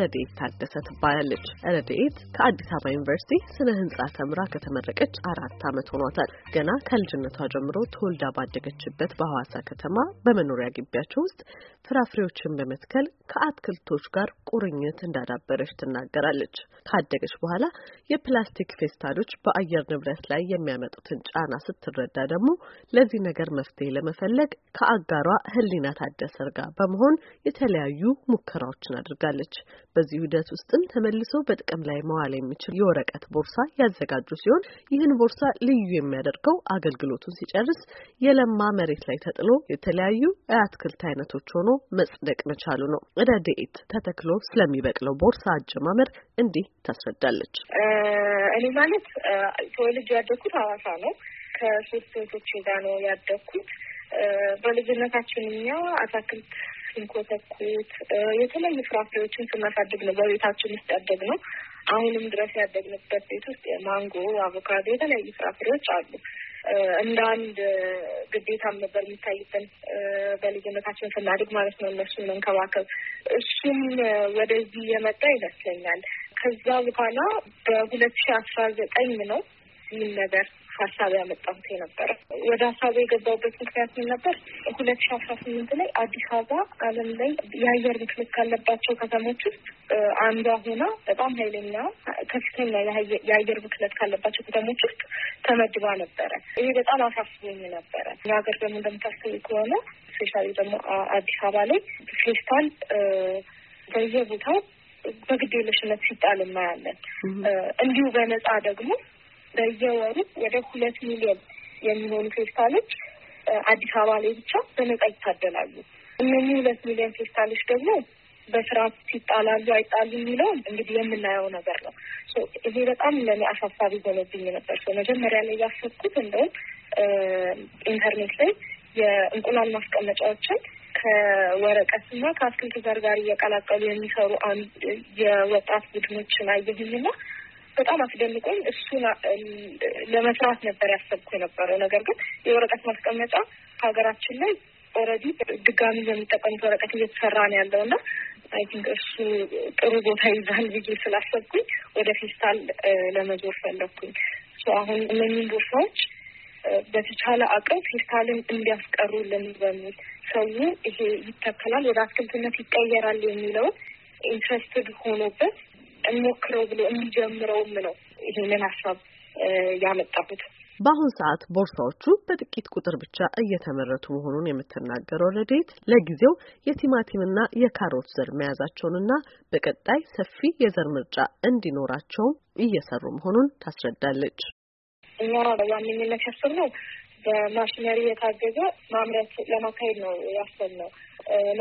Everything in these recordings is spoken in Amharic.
ረዴት ታደሰ ትባላለች። ረዴት ከአዲስ አበባ ዩኒቨርሲቲ ስነ ህንጻ ተምራ ከተመረቀች አራት ዓመት ሆኗታል። ገና ከልጅነቷ ጀምሮ ተወልዳ ባደገችበት በሐዋሳ ከተማ በመኖሪያ ግቢያቸው ውስጥ ፍራፍሬዎችን በመትከል ከአትክልቶች ጋር ቁርኝት እንዳዳበረች ትናገራለች። ካደገች በኋላ የፕላስቲክ ፌስታሎች በአየር ንብረት ላይ የሚያመጡትን ጫና ስትረዳ ደግሞ ለዚህ ነገር መፍትሄ ለመፈለግ ከአጋሯ ህሊና ታደሰ ጋር በመሆን የተለያዩ ሙከራዎችን አድርጋለች። በዚህ ሂደት ውስጥም ተመልሶ በጥቅም ላይ መዋል የሚችል የወረቀት ቦርሳ ያዘጋጁ ሲሆን ይህን ቦርሳ ልዩ የሚያደርገው አገልግሎቱን ሲጨርስ የለማ መሬት ላይ ተጥሎ የተለያዩ የአትክልት አይነቶች ሆኖ መጽደቅ መቻሉ ነው። ረድኤት ተተክሎ ስለሚበቅለው ቦርሳ አጀማመር እንዲህ ታስረዳለች። እኔ ማለት ተወልጄ ያደኩት ሐዋሳ ነው። ከሶስት እህቶቼ ጋር ነው ያደኩት። በልጅነታችን እኛ አታክልት ስንኮተኩት የተለያዩ ፍራፍሬዎችን ስናሳድግ ነው በቤታችን ውስጥ ያደግ ነው። አሁንም ድረስ ያደግንበት ቤት ውስጥ የማንጎ፣ አቮካዶ የተለያዩ ፍራፍሬዎች አሉ። እንደ አንድ ግዴታም ነበር የሚታይብን በልጅነታችን ስናድግ ማለት ነው እነሱን መንከባከብ። እሱም ወደዚህ የመጣ ይመስለኛል። ከዛ በኋላ በሁለት ሺ አስራ ዘጠኝ ነው ይህን ነገር ሀሳብ ያመጣሁት የነበረ ወደ ሀሳቡ የገባሁበት ምክንያት ምን ነበር? ሁለት ሺ አስራ ስምንት ላይ አዲስ አበባ ዓለም ላይ የአየር ብክለት ካለባቸው ከተሞች ውስጥ አንዷ ሆና በጣም ኃይለኛ ከፍተኛ የአየር ብክለት ካለባቸው ከተሞች ውስጥ ተመድባ ነበረ። ይሄ በጣም አሳስቦኝ ነበረ። እኛ ሀገር ደግሞ እንደምታስቡ ከሆነ ስፔሻሊ ደግሞ አዲስ አበባ ላይ ፌስታል በየቦታው በግድ የለሽነት ሲጣል እናያለን። እንዲሁ በነጻ ደግሞ በየወሩ ወደ ሁለት ሚሊዮን የሚሆኑ ፌስታሎች አዲስ አበባ ላይ ብቻ በነጻ ይታደላሉ። እነኚህ ሁለት ሚሊዮን ፌስታሎች ደግሞ በስርዓት ሲጣላሉ አይጣሉ የሚለው እንግዲህ የምናየው ነገር ነው። ይሄ በጣም ለእኔ አሳሳቢ ሆኖብኝ ነበር። መጀመሪያ ላይ ያሰብኩት እንደውም ኢንተርኔት ላይ የእንቁላል ማስቀመጫዎችን ከወረቀት ከወረቀትና ከአትክልት ዘር ጋር እየቀላቀሉ የሚሰሩ አንድ የወጣት ቡድኖችን አየሁኝና በጣም አስደንቆኝ እሱን ለመስራት ነበር ያሰብኩ የነበረው። ነገር ግን የወረቀት ማስቀመጫ ሀገራችን ላይ ኦልሬዲ ድጋሚ በሚጠቀሙት ወረቀት እየተሰራ ነው ያለው እና አይ ቲንክ እሱ ጥሩ ቦታ ይዛል ብዬ ስላሰብኩኝ ወደ ፌስታል ለመዞር ፈለግኩኝ። አሁን እነኝም ቦታዎች በተቻለ አቅም ፌስታልን እንዲያስቀሩልን በሚል ሰው ይሄ ይተከላል፣ ወደ አትክልትነት ይቀየራል የሚለውን ኢንትረስትድ ሆኖበት እንሞክረው ብሎ እንጀምረውም ነው ይህንን ሀሳብ ያመጣበት። በአሁን ሰዓት ቦርሳዎቹ በጥቂት ቁጥር ብቻ እየተመረቱ መሆኑን የምትናገረው ረዴት ለጊዜው የቲማቲምና የካሮት ዘር መያዛቸውንና በቀጣይ ሰፊ የዘር ምርጫ እንዲኖራቸውም እየሰሩ መሆኑን ታስረዳለች። እኛ በዋነኝነት ያሰብነው በማሽነሪ የታገዘ ማምረት ለማካሄድ ነው ያሰብነው።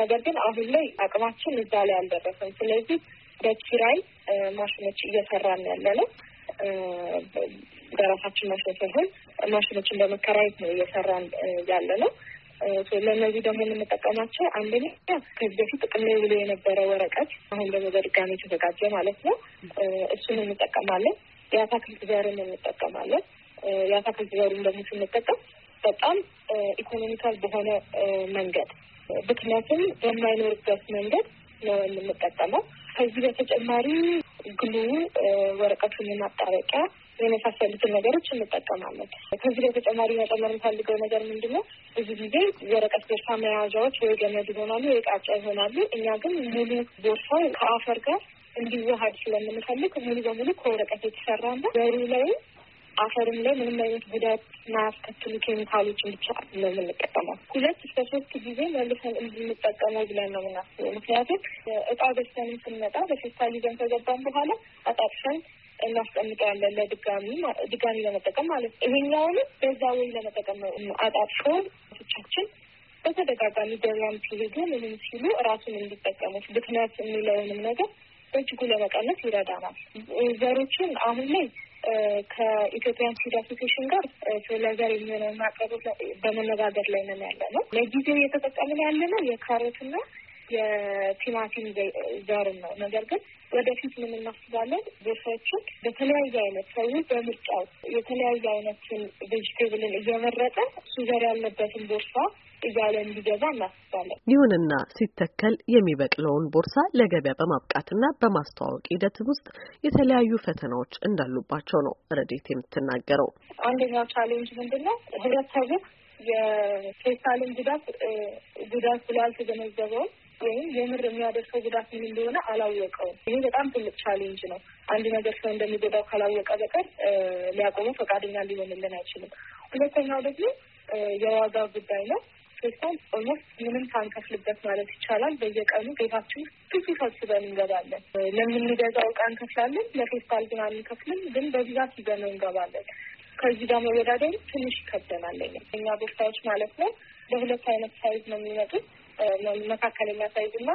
ነገር ግን አሁን ላይ አቅማችን እዛ ላይ አልደረሰም። ስለዚህ በኪራይ ማሽኖች እየሰራን ያለ ነው። በራሳችን ማሽን ሳይሆን ማሽኖችን በመከራየት ነው እየሰራን ያለ ነው። ለእነዚህ ደግሞ የምንጠቀማቸው አንደኛ ከዚህ በፊት ጥቅም ላይ ውሎ የነበረ ወረቀት አሁን ደግሞ በድጋሚ የተዘጋጀ ማለት ነው። እሱን እንጠቀማለን። የአታክልት ዘርን እንጠቀማለን። የአታክልት ዘሩን ደግሞ ስንጠቀም በጣም ኢኮኖሚካል በሆነ መንገድ ምክንያቱም በማይኖርበት መንገድ ነው የምንጠቀመው። ከዚህ በተጨማሪ ግሉ፣ ወረቀቱን ማጣበቂያ የመሳሰሉትን ነገሮች እንጠቀማለን። ከዚህ በተጨማሪ መጨመር የምፈልገው ነገር ምንድን ነው? ብዙ ጊዜ ወረቀት ቦርሳ መያዣዎች ወይ ገመድ ይሆናሉ፣ የቃጫ ይሆናሉ። እኛ ግን ሙሉ ቦርሳው ከአፈር ጋር እንዲዋሀድ ስለምንፈልግ ሙሉ በሙሉ ከወረቀት ነው። በሩ ላይ አፈርም ላይ ምንም አይነት ጉዳት ማያስከትሉ ኬሚካሎችን ብቻ ነው የምንጠቀመው። ሁለት እስከ ሶስት ጊዜ መልሰን እንድንጠቀመው ብለን ነው የምናስበው። ምክንያቱም እቃ ገዝተንም ስንመጣ በፌስታል ይዘን ከገባን በኋላ አጣጥፈን እናስቀምጠዋለን ለድጋሚ ድጋሚ ለመጠቀም ማለት ነው። ይሄኛውንም በዛ ወይ ለመጠቀም ነው አጣጥፎ ቶቻችን በተደጋጋሚ ገበያም ሲሄዱ ምንም ሲሉ እራሱን እንዲጠቀሙት ብክነት የሚለውንም ነገር በእጅጉ ለመቀነስ ይረዳናል። ዘሮችን አሁን ላይ ከኢትዮጵያን ሲድ አሶሴሽን ጋር ስለ ዘር የሚሆነውን ማቅረቦት በመነጋገር ላይ ነን ያለ ነው። ለጊዜው እየተጠቀምን ያለ ነው የካሮትና የቲማቲም ዘርን ነው። ነገር ግን ወደፊት ምን እናስባለን? ቦርሳዎችን በተለያየ አይነት ሰው በምርጫው የተለያየ አይነትን ቬጅቴብልን እየመረጠ እሱ ዘር ያለበትን ቦርሳ እያለ እንዲገዛ እናስባለን። ይሁንና ሲተከል የሚበቅለውን ቦርሳ ለገበያ በማብቃትና በማስተዋወቅ ሂደት ውስጥ የተለያዩ ፈተናዎች እንዳሉባቸው ነው ረዴት የምትናገረው። አንደኛው ቻሌንጅ ምንድን ነው? ህብረተሰቡ የፌስታልን ጉዳት ጉዳት ብሎ አልተገነዘበውም ወይም የምር የሚያደርሰው ጉዳት ምን እንደሆነ አላወቀውም። ይህ በጣም ትልቅ ቻሌንጅ ነው። አንድ ነገር ሰው እንደሚጎዳው ካላወቀ በቀር ሊያቆመው ፈቃደኛ ሊሆንልን አይችልም። ሁለተኛው ደግሞ የዋጋ ጉዳይ ነው። ፔትሮል ኦልሞስት ምንም ሳንከፍልበት ማለት ይቻላል በየቀኑ ቤታችን ብዙ ሰብስበን እንገባለን። ለምንገዛው እቃ እንከፍላለን፣ ለፌስታል ግን አንከፍልም። ግን በብዛት ይዘነው እንገባለን። ከዚህ ጋር መወዳደሩ ትንሽ ይከብደናል። እኛ ቦታዎች ማለት ነው በሁለት አይነት ሳይዝ ነው የሚመጡት መካከለኛ ሳይዝ እና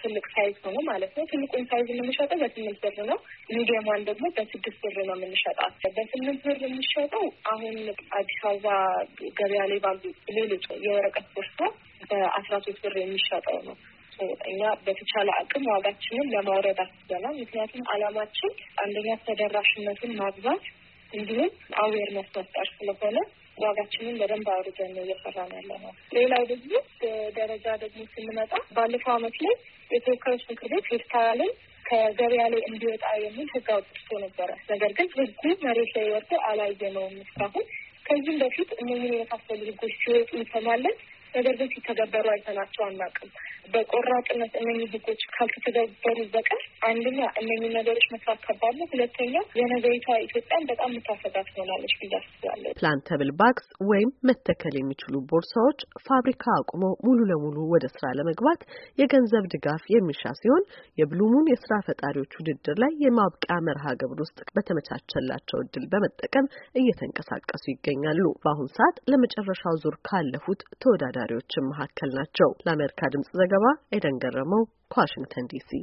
ትልቅ ሳይዝ ሆኖ ማለት ነው። ትልቁን ሳይዝ የምንሸጠው በስምንት ብር ነው። ሚዲየሟን ደግሞ በስድስት ብር ነው የምንሸጣት። በስምንት ብር የምንሸጠው አሁን አዲስ አበባ ገበያ ላይ ባሉ ሌሎች የወረቀት ቦርሳ በአስራ ሶስት ብር የሚሸጠው ነው። እኛ በተቻለ አቅም ዋጋችንን ለማውረድ አስበናል። ምክንያቱም አላማችን አንደኛ ተደራሽነትን ማግዛት እንዲሁም አዌርነስ መፍጠር ስለሆነ ዋጋችንን በደንብ አውርደን ነው እየሰራን ያለ ነው። ሌላው ደግሞ ደረጃ ደግሞ ስንመጣ ባለፈው አመት ላይ የተወካዮች ምክር ቤት ፌስታልን ከገበያ ላይ እንዲወጣ የሚል ህግ አውጥቶ ነበረ። ነገር ግን ህጉ መሬት ላይ ወርዶ አላየነውም እስካሁን። ከዚህም በፊት እነዚህን የመሳሰሉ ህጎች ሲወጡ እንሰማለን፣ ነገር ግን ሲተገበሩ አይተናቸው አናውቅም። በቆራጥነት እነኚህ ህጎች ካልተተገበሩ በቀር አንደኛ እነኚህ ነገሮች መስራት ከባድ ነው፣ ሁለተኛ የነገሪቷ ኢትዮጵያን በጣም የምታሰጋት ሆናለች ብዬ አስባለሁ። ፕላንተብል ባግስ ወይም መተከል የሚችሉ ቦርሳዎች ፋብሪካ አቁሞ ሙሉ ለሙሉ ወደ ስራ ለመግባት የገንዘብ ድጋፍ የሚሻ ሲሆን የብሉሙን የስራ ፈጣሪዎች ውድድር ላይ የማብቂያ መርሃ ግብር ውስጥ በተመቻቸላቸው እድል በመጠቀም እየተንቀሳቀሱ ይገኛሉ። በአሁኑ ሰዓት ለመጨረሻው ዙር ካለፉት ተወዳዳሪዎችን መካከል ናቸው። ለአሜሪካ ድምጽ ዘጋ ዘገባ ኤደን ገረመው ከዋሽንግተን ዲሲ